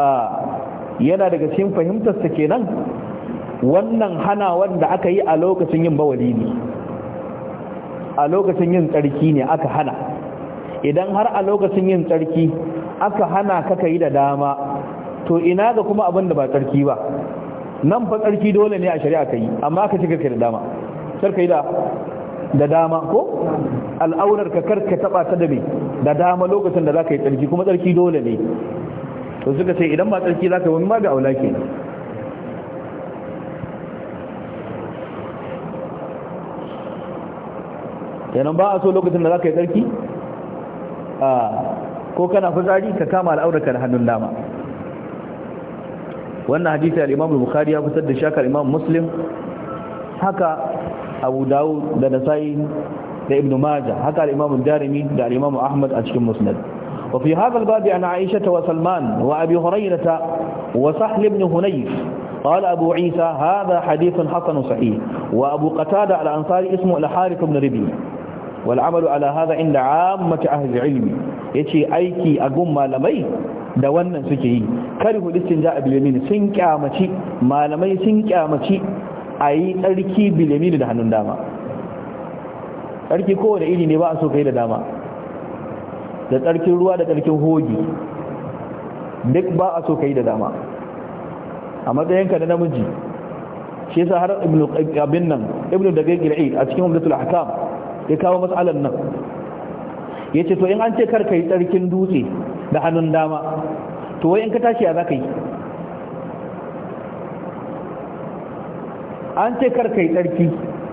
a yana daga cikin fahimtarsa kenan wannan hana wanda aka yi a lokacin yin bawali ne a lokacin yin tsarki ne aka hana idan har a lokacin yin tsarki aka hana kaka yi da dama to ina ga kuma abin da ba tsarki ba nan fa tsarki dole ne a shari'a kai amma ka cika kai da dama sarka kai da da dama ko al'aurar ka karka taba ta da me da dama lokacin da za ka yi tsarki kuma tsarki dole ne to suka ce idan ba tsarki za ka wani ma ga aula ke yanan ba a so lokacin da za ka yi tsarki ko kana fitsari ka kama al'aurar ka da hannun dama wannan hadisi al-imam al-bukhari ya fitar da shakar imam muslim haka abu dawud da nasai da ibn majah haka al-imam ad-darimi da al-imam ahmad a cikin musnad wa fi hadha al-bab an aisha wa salman wa abi hurairah wa sahl ibn hunayf قال أبو عيسى هذا حديث حسن صحيح وأبو قتادة الأنصاري اسمه الحارث بن ربيع wal amalu ala hadha inda ammatu ahli ilmi yace aiki a gun malamai da wannan suke yi karihu listinja a yamin sun kyamaci malamai sun kyamaci ayi tsarki bil yamin da hannun dama tsarki kowane iri ne ba a so kai da dama da tsarkin ruwa da tsarkin hoji duk ba a so kai da dama a matsayinka da namiji shi yasa har ibnu abin nan ibn da gaggir a cikin umdatul ahkam ya kawo matsalar nan ya ce to in an ce karka yi tsarkin dutse da hannun dama to wai in ka tashi ya za ka yi an ce karka yi tsarki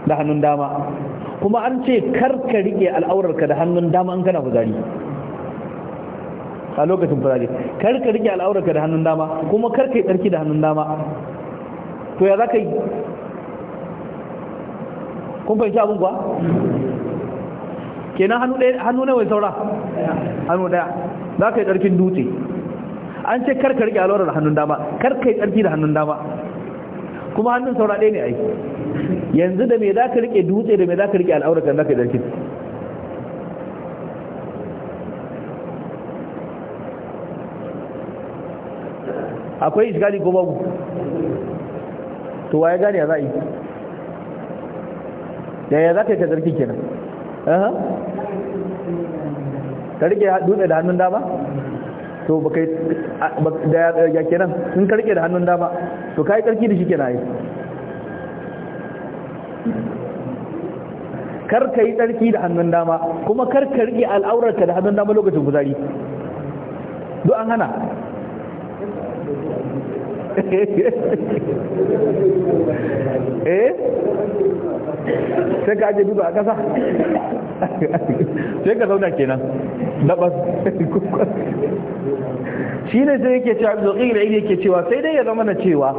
da hannun dama kuma an ce karka rike al'aurarka da hannun dama an ku fuzari a lokacin fuzari karka rike al'aurarka da hannun dama kuma karka yi tsarki da hannun dama to ya za ka yi kun fahimci abin kuwa kenan hannu ɗaya hannu nawa saura hannu ɗaya za ka yi tsarkin dutse an ce karka rike alwarar da hannun dama karka yi tsarki da hannun dama kuma hannun saura ɗaya ne ai yanzu da me za ka rike dutse da me za ka rike al'aurar kan za ka yi tsarkin akwai isgali ko babu to waye gani ya za yi da ya za ka yi ta tsarki kenan ka rike dutse da hannun dama to ba kai da ya kenan sun ka da hannun dama to kai karki da shi kenan ai kar ka yi tsarki da hannun dama kuma kar ka riƙe al'aurarka da hannun dama lokacin guzari duk an hana Eh? eh sai ka aje duba a ƙasa sai ka zauna kenan ba shi ne sai yake cewa zoƙi da yake cewa sai dai ya zama na cewa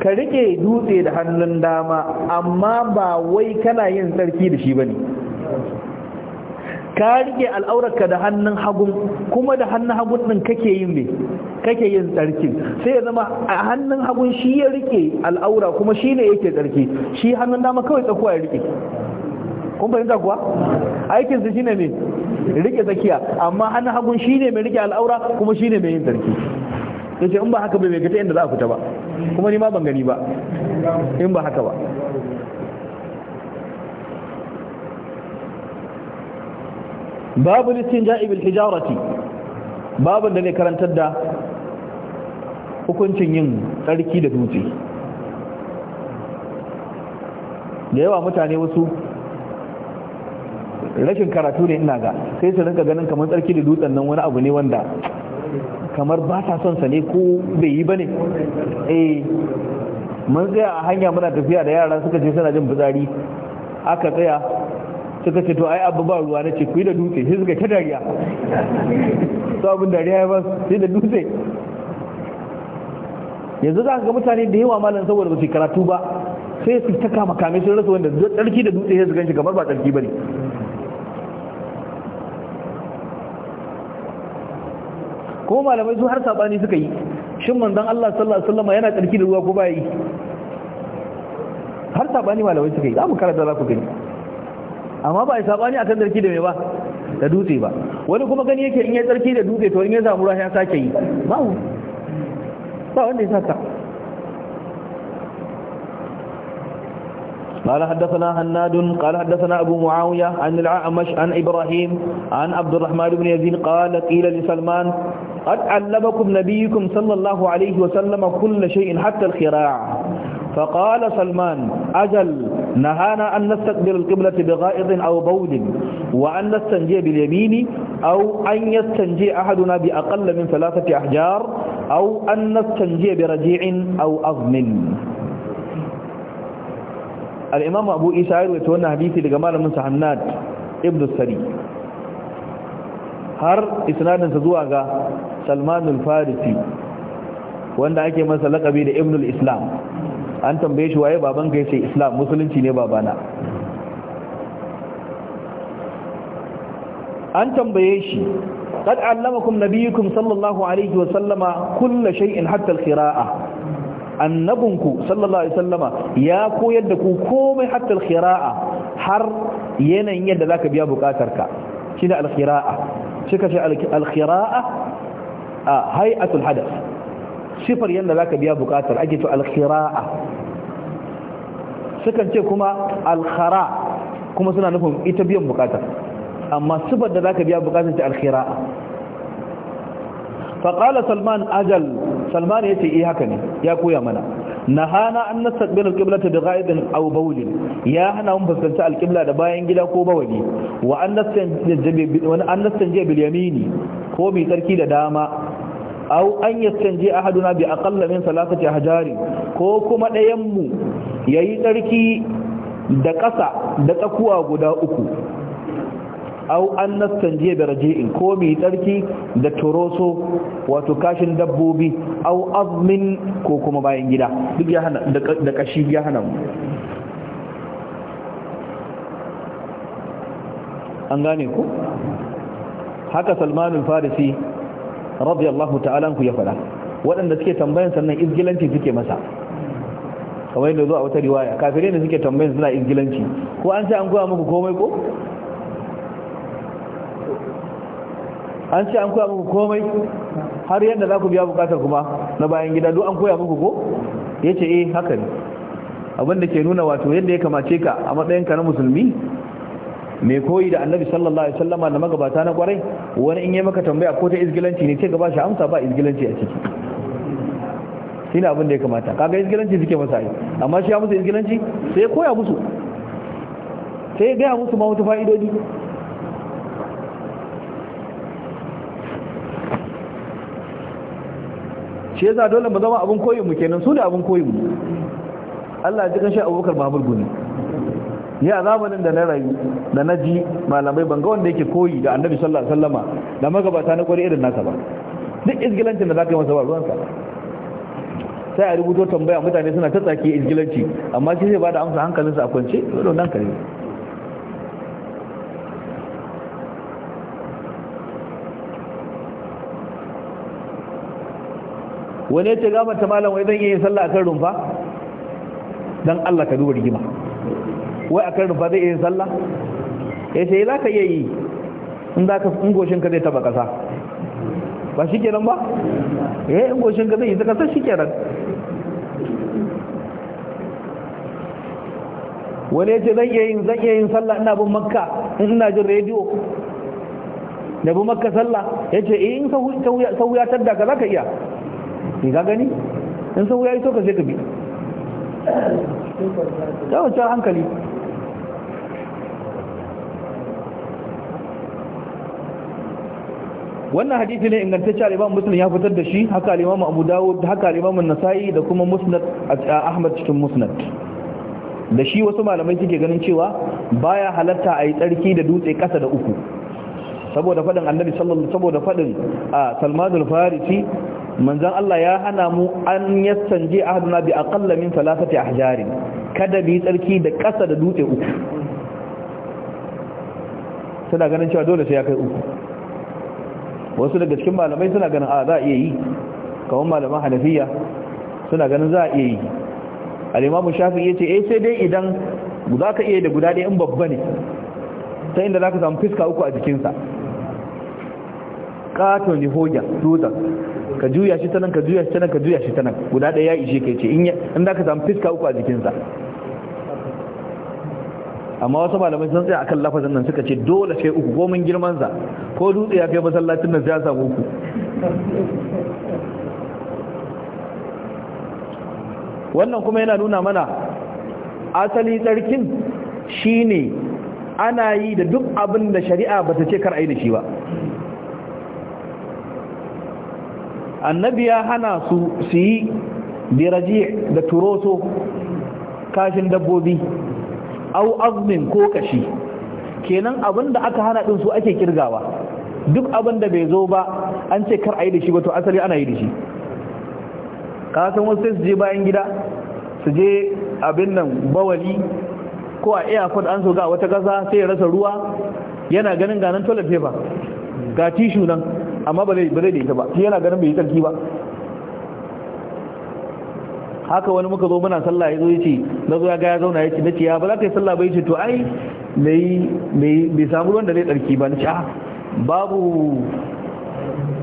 ka rike dutse da hannun dama amma ba wai kana yin sarki da shi ba ne ka rike al'aurarka da hannun hagun kuma da hannun hagun din kake yin me kake yin tsarki sai ya zama a hannun hagun shi ya rike al'aura kuma shi ne yake tsarki shi hannun dama kawai tsakuwa ya rike kun fahimta kuwa aikin su shine me rike tsakiya amma hannun hagun ne mai rike al'aura kuma shi ne mai yin tsarki yace in ba haka bai mai gata inda za a fita ba kuma ni ma ban gani ba in ba haka ba babu listin ja'ibin hijarati babu da ne karantar da hukuncin yin tsarki da dutse da yawa mutane wasu rashin karatu ne ina ga sai su rinka ganin kamar tsarki da dutsen nan wani abu ne wanda kamar ba sa son sa ne ko bai yi ba ne eh mun tsaya a hanya muna tafiya da yara suka ce suna jin fitsari aka tsaya ta ce to ai abu ba ruwa na ce ku yi da dutse sai suka ta dariya su abin dariya ya ba sai da dutse yanzu za ka ga mutane da yawa malam saboda ba su karatu ba sai su ta kama kame sun rasa wanda tsarki da dutse sai su shi kamar ba tsarki bane ko malamai su har sabani suka yi shin manzon Allah sallallahu alaihi wasallam yana tsarki da ruwa ko ba yi har sabani malamai suka yi za mu karanta za ku gani amma ba ya sabani akan tsarki da me ba da dutse ba wani kuma gani yake in ya tsarki da dutse to in ya samu ruwa ya sake yi babu ba wanda ya saka قال حدثنا هناد قال حدثنا أبو معاوية عن العامش عن إبراهيم عن عبد الرحمن بن يزيد قال قيل لسلمان قد علمكم نبيكم صلى الله عليه وسلم كل شيء حتى الخراع فقال سلمان أجل نهانا أن نستقبل القبلة بغائط أو بول وأن نستنجي باليمين أو أن يستنجي أحدنا بأقل من ثلاثة أحجار أو أن نستنجي برجيع أو أظم الإمام أبو إسعير ويتولى حديثي لجمال من سحنات ابن السري har isnadinsa zuwa ga Salman al-Farisi wanda ake masa lakabi da Ibn al-Islam an tambaye shi waye Baban ka ce islam musulunci ne babana an tambaye shi قد علمكم نبيكم صلى الله عليه وسلم كل شيء حتى القراءه annabunku sallallahu alaihi sallama ya koyar da ku komai hatta alkhira'a har yanayin yadda zaka biya bukatarka shine alkhira'a shi kace alkhira'a a hay'atul hadath sifar yadda za ka biya bukatar ake to alkhira'a sukan ce kuma alkhara kuma suna nufin ita biyan bukatar amma sifar da za ka biya bukatar ta alkhira'a faƙala salman ajal salman ya ce iya eh, haka ne ya koya mana na hana an na sabbin alƙibla ta da ga'idin aubawulin ya hana mun fuskanci alƙibla da bayan gida ko bawani wa an nastan jiya bilyamini ko mai tsarki da dama aw an yastanje ahaduna bi aqalla min salatati Hajari, ko kuma ɗayan mu yayi tsarki da ƙasa da tsakuwa guda uku au an nastan jiya da raji'in ko mi tsarki da toroso wato kashin dabbobi au azmin ko kuma bayan gida duk ya hana da kashi ya hana mu an gane ku haka salmanul farisi radiyallahu ta'ala ku ya faɗa waɗanda suke tambayan sannan izgilanci suke masa kamar yadda zuwa wata riwaya kafire ne suke tambayan suna izgilanci ko an ce an koya muku komai ko an ce an koya muku komai har yadda za ku biya bukatar kuma na bayan gida duk an koya muku ko ya ce eh haka ne abinda ke nuna wato yadda ya kamace ka a matsayinka na musulmi mai koyi da annabi sallallahu alaihi wasallama da magabata na kwarai wani in yi maka tambaya ko ta izgilanci ne ce gaba shi amsa ba izgilanci a ciki ne abin da ya kamata kaga izgilanci suke masa yi amma shi ya musu izgilanci sai ya koya musu sai ya gaya musu ma wata fa'idodi shi ya dole mu zama abin koyin mu kenan su ne abin koyin mu Allah ya ji kan shi abubakar mahamud guni ya a zamanin da na rayu da na ji malamai ban ga wanda yake koyi da annabi sallallahu alaihi wasallama da magabata na kwari irin nasa ba duk isgilancin da zaka yi masa ba ruwansa sai a rubuto tambaya mutane suna ta tsaki isgilanci amma shi zai bada amsa hankalinsa a kwance don hankali wani ya ce gama ta malam wai zan iya yin sallah akan rumfa dan Allah ka duba rigima wai akan rufa zai iya sallah ya eh, ce za ka iya yi in za ka ingoshinka zai taba kasa ba shi kenan ba ya eh, yi ingoshinka zai yi ta kasa shi kenan wani ya ce zan iya yin zan iya yin sallah ina bin makka ina jin rediyo da bin makka sallah ya ce eh, in sau ya tadda ka za ka iya ni ka gani in sau ya yi so ka sai ka bi ta wancan hankali wannan hadisi ne ingantacce al-Imam Muslim ya fitar da shi haka al-Imam Abu Dawud haka al-Imam An-Nasa'i da kuma Musnad Ahmad cikin Musnad da shi wasu malamai suke ganin cewa baya halatta a yi tsarki da dutse kasa da uku saboda fadin Annabi sallallahu saboda fadin Salman al-Farisi manzon Allah ya hana mu an yassanje ahaduna bi aqalla min thalathati ahjari kada bi tsarki da kasa da dutse uku suna ganin cewa dole sai ya kai uku wasu daga cikin malamai suna ganin a za a iya yi kamar malaman hanafiya suna ganin za a iya yi alimamu shafi ya ce eh sai dai idan za ka iya da guda ɗaya in babba ne ta inda za ka samu fiska uku a jikinsa katon ne hoja dutsen ka juya shi tanan ka juya shi tanan ka juya shi tanan guda ɗaya ya ishe ka ce in za ka samu fiska uku a jikinsa amma wasu malamai sun tsaya akan lafazin nan suka ce dole sai uku gomin girman sa ko dutse ya kai masallacin nan ya samu uku wannan kuma yana nuna mana asali tsarkin shine ana yi da duk abin da shari'a bata ce kar a yi da shi ba annabi ya hana su su yi da turoso kashin dabbobi au azmin ko kashi kenan abin da aka hana din su ake kirgawa duk abin da bai zo ba an ce kar a yi da shi ba to asali ana yi da shi kasan wasu sai su je bayan gida su je abin nan bawali ko a airport an so ga wata kasa sai ya rasa ruwa yana ganin ganin toilet paper ga tishu nan amma ba zai da ita ba shi yana ganin bai yi tsarki ba haka wani muka zo muna sallah ya zo ya ce na zo ya ga ya zauna ya ce na ce ya ba za ka yi sallah ba ya ce to ai mai samu ruwan da zai tsarki ba na ce ah, babu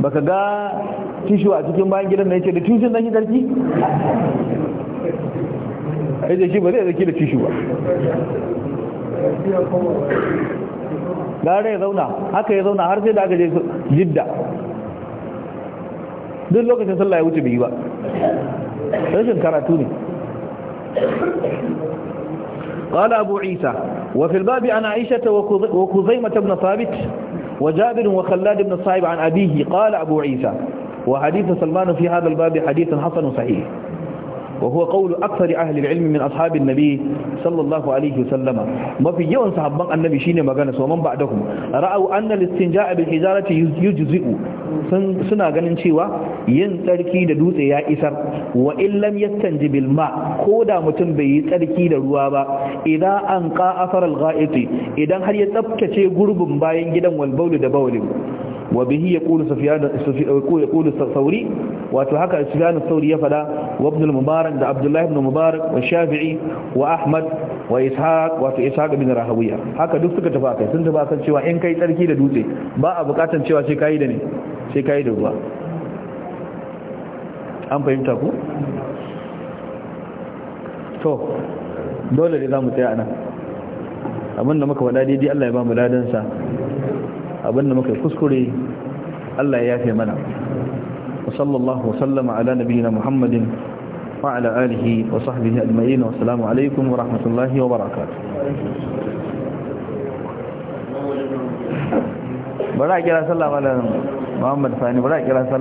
baka ga tishu a cikin bayan gidan na ya ce da tushen zan yi tsarki yi shi ba zai zaki da tishu ba gara ya zauna haka ya zauna har sai da aka je jidda duk lokacin sallah ya wuce bai yi ba rashin قراتوني قال أبو عيسى وفي الباب عن عائشة وكزيمة بن ثابت وجابر وخلاد بن صاحب عن أبيه قال أبو عيسى وحديث سلمان في هذا الباب حديث حسن صحيح وهو قول أكثر أهل العلم من أصحاب النبي صلى الله عليه وسلم ما في يوم صحابان النبي شيني مغانس ومن بعدهم رأوا أن الاستنجاء بالحجارة يجزئ suna ganin cewa yin tsarki da dutse ya isar wa illam yastanji bil ma ko da mutum bai yi tsarki da ruwa ba idan an ka asar al idan har ya tsaftace gurbin bayan gidan wal da bawlin wa bihi yaqulu sufyan yaqulu thawri wato haka sufyan thawri ya fada wa ibn al-mubarak da abdullah ibn mubarak wa shafi'i wa ahmad wa ishaq wato ishaq ibn rahawiya haka duk suka tafi kai sun tafi cewa in kai tsarki da dutse ba a bukatan cewa sai kai da ne sai kai da ruwa an fahimta ku to dole ne tsaya abinda muka wada daidai Allah ya ba mu ladansa abinda muka kuskure Allah ya yafe mana wa sallallahu wasallama ala nabiyina muhammadin wa ala alihi wa sahbihi wa salamu alaikum wa rahmatullahi wa barakatuh bara a kira sallah muhammad bara kira sallah